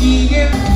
一眼。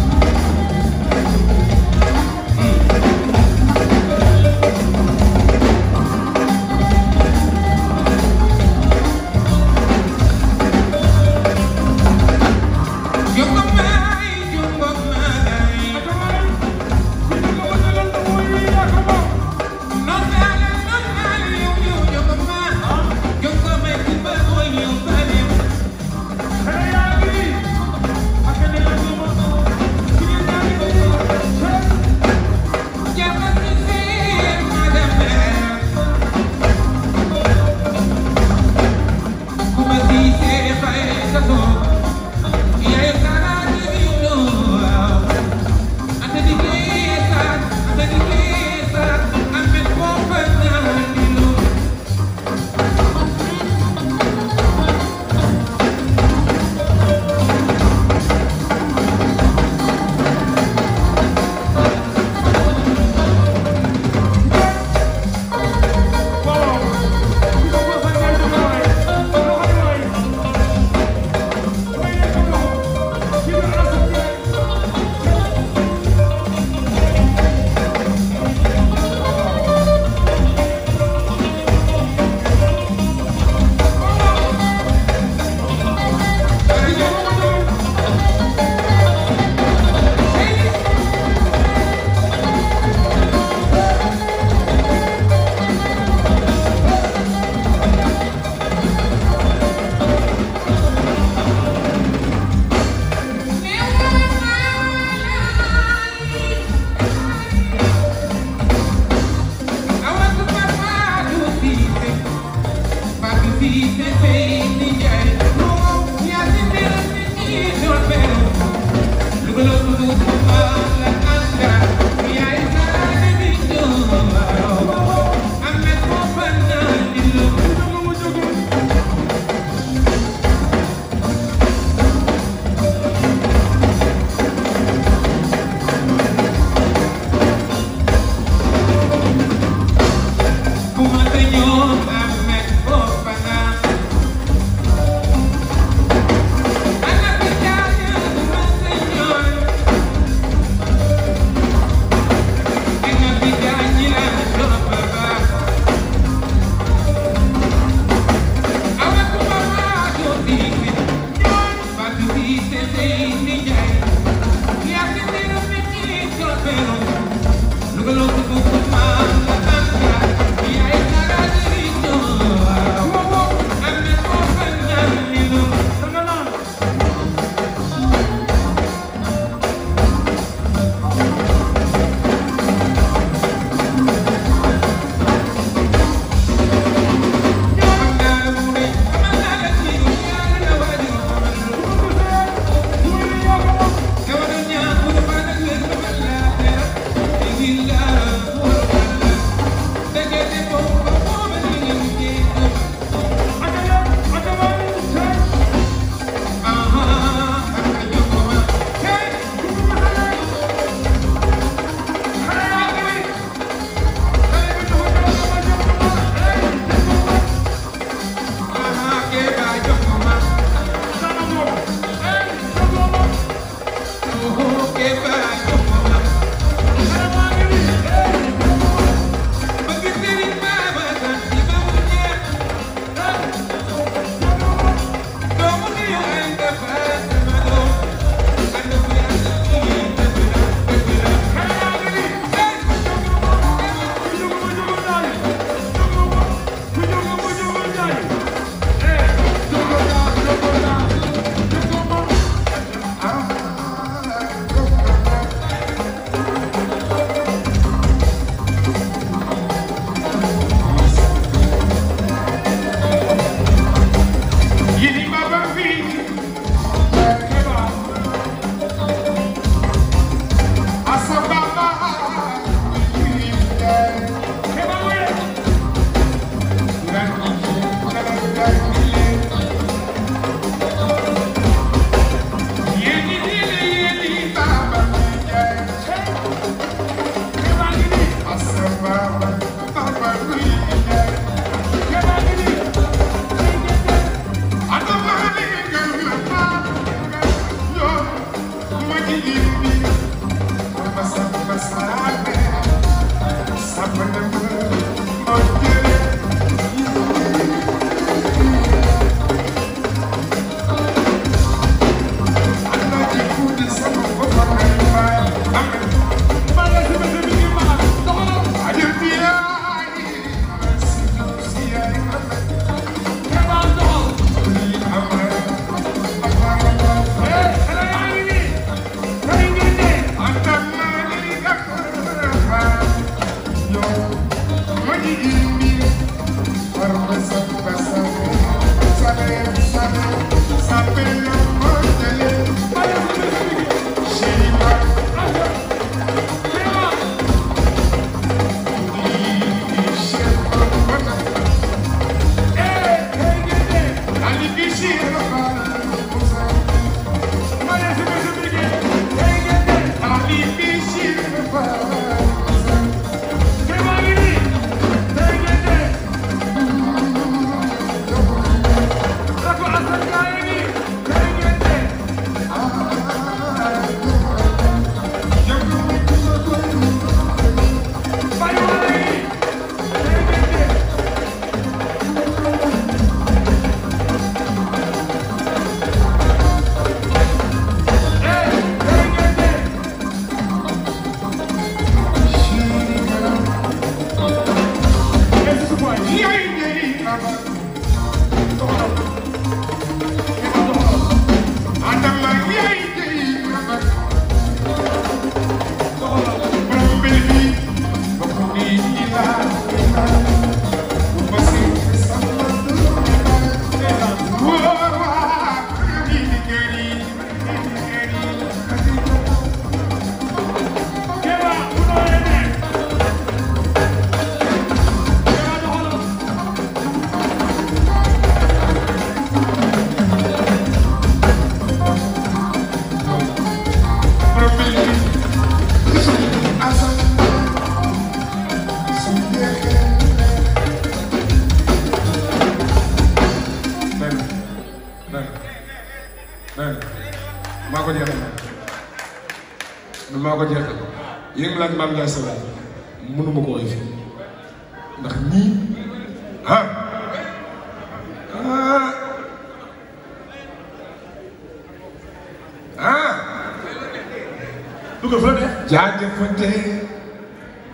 ndax ñii ah ah ah lu ko fa ne jaajëfante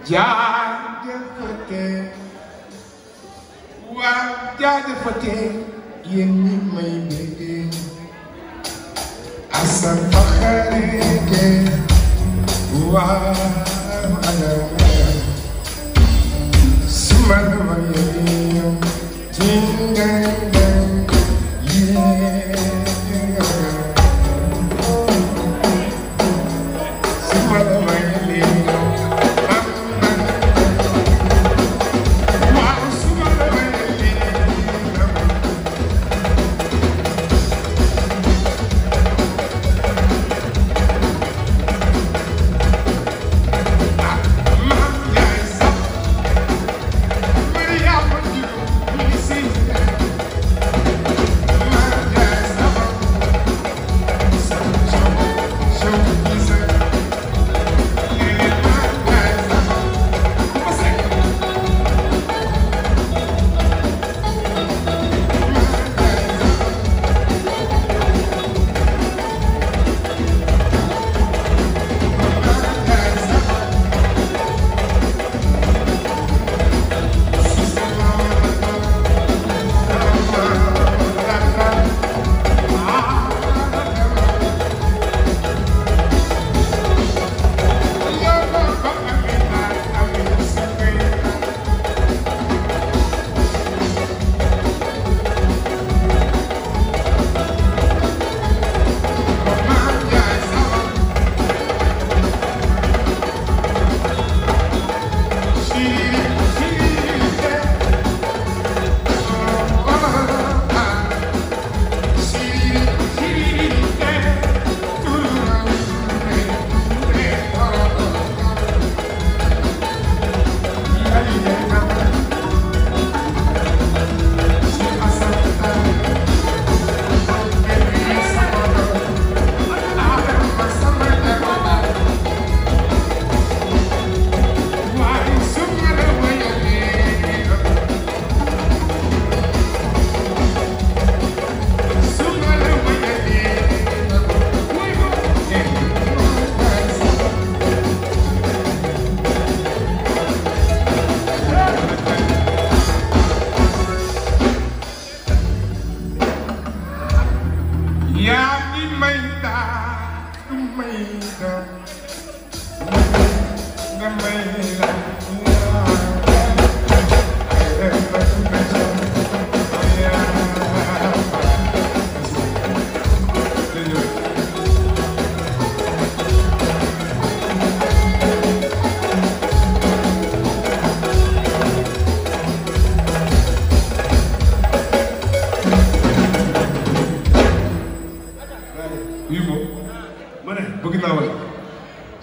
jaajëfante waa jaajëfante yéen ñi may déggee asan faxareke waa Brother, I am. Ding, dang, dang. Yeah.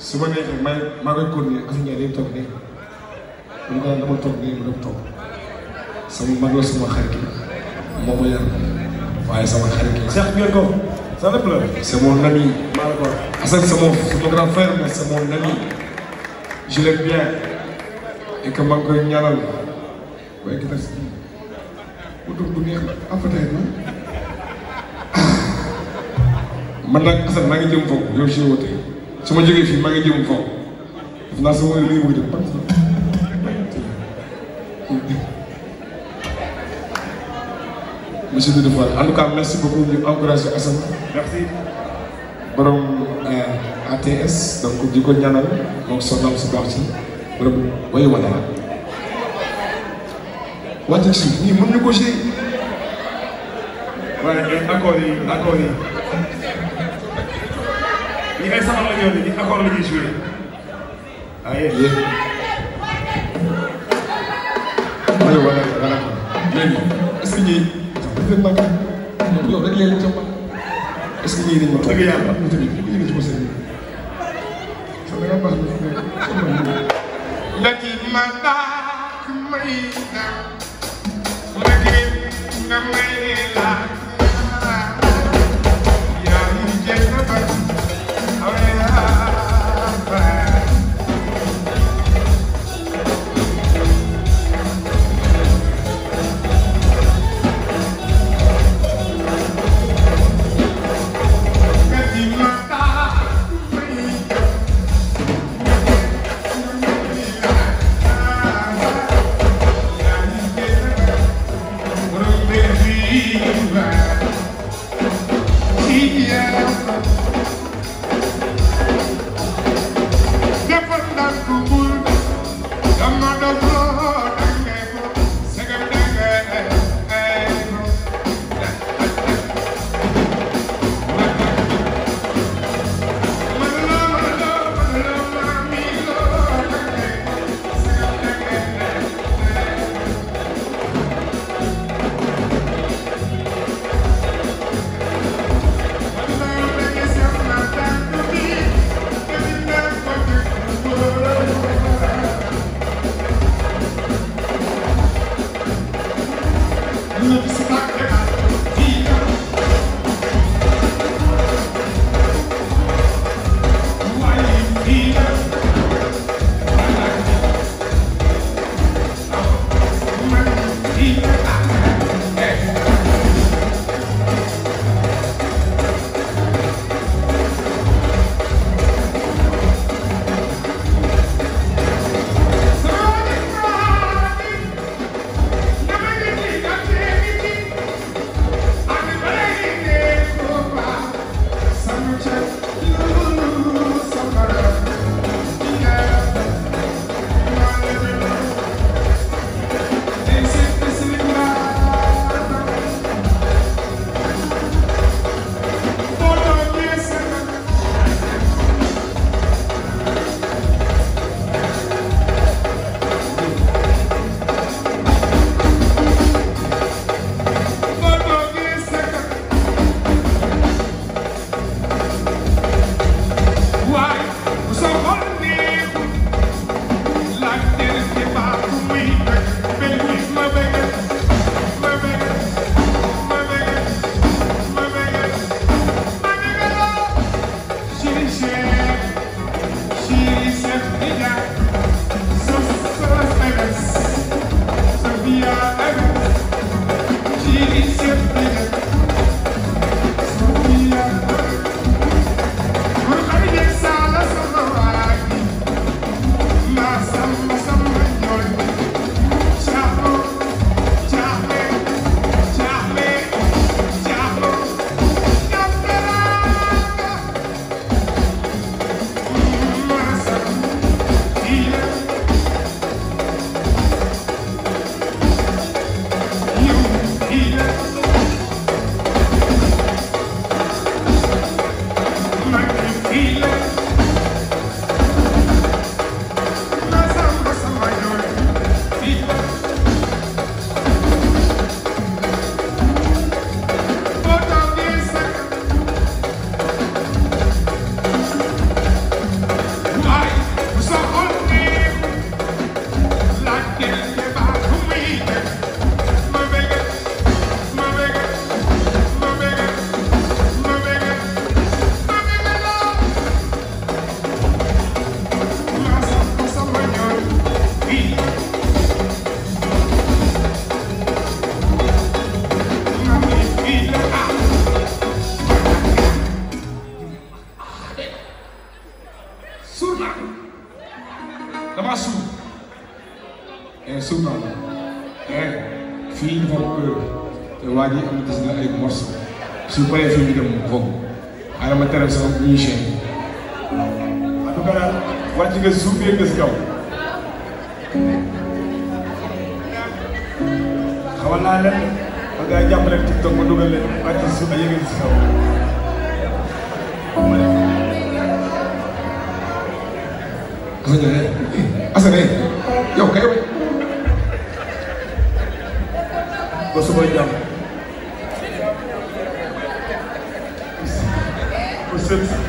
su ma neexee may maa ngi continuer Assane Ndiaye day toog nii dama ko daan dama toog nii ma dem toog sama mag la sama xarit la moo ma yar waaye sama xarit la. Cheikh ngeen ko ça lépp la. maa ngi ko Assane c'est mon c'est mon grand frère mais bien et que maa koy ñaanal waaye gis naa bu dugg bu neex la appétit na man nag Assane maa ngi jëm foofu yow si woote. su ma jógee fii maa ngi jëm kaw def naa sama li muy def pàcc monsieur Doudou Fall en tout cas merci beaucoup ñu encouragé Assane borom euh, ATS donc di ko ñaanal moom sonnam si baax si borom wayu wala wàcc suuf ñii mën ñu ko si waaye accord yi accord yi mais sama la ñëw nii accord la ñuy joué ayé ayé wala wala léegi est-ce que ñii dañ ma yow rek leen ci est-ce que ñii dañ ma dëgg yàlla mu tamit ñu ngi ci ko seen sama nga baax la ci ma dak may na la na may la I'm not a waa ji am na des na ay mors su paree fi ñu dem foofu xaaral ma teral sama bu ñuy chaîne en tout cas daal wàcc suuf bee nga suuf yëgal si service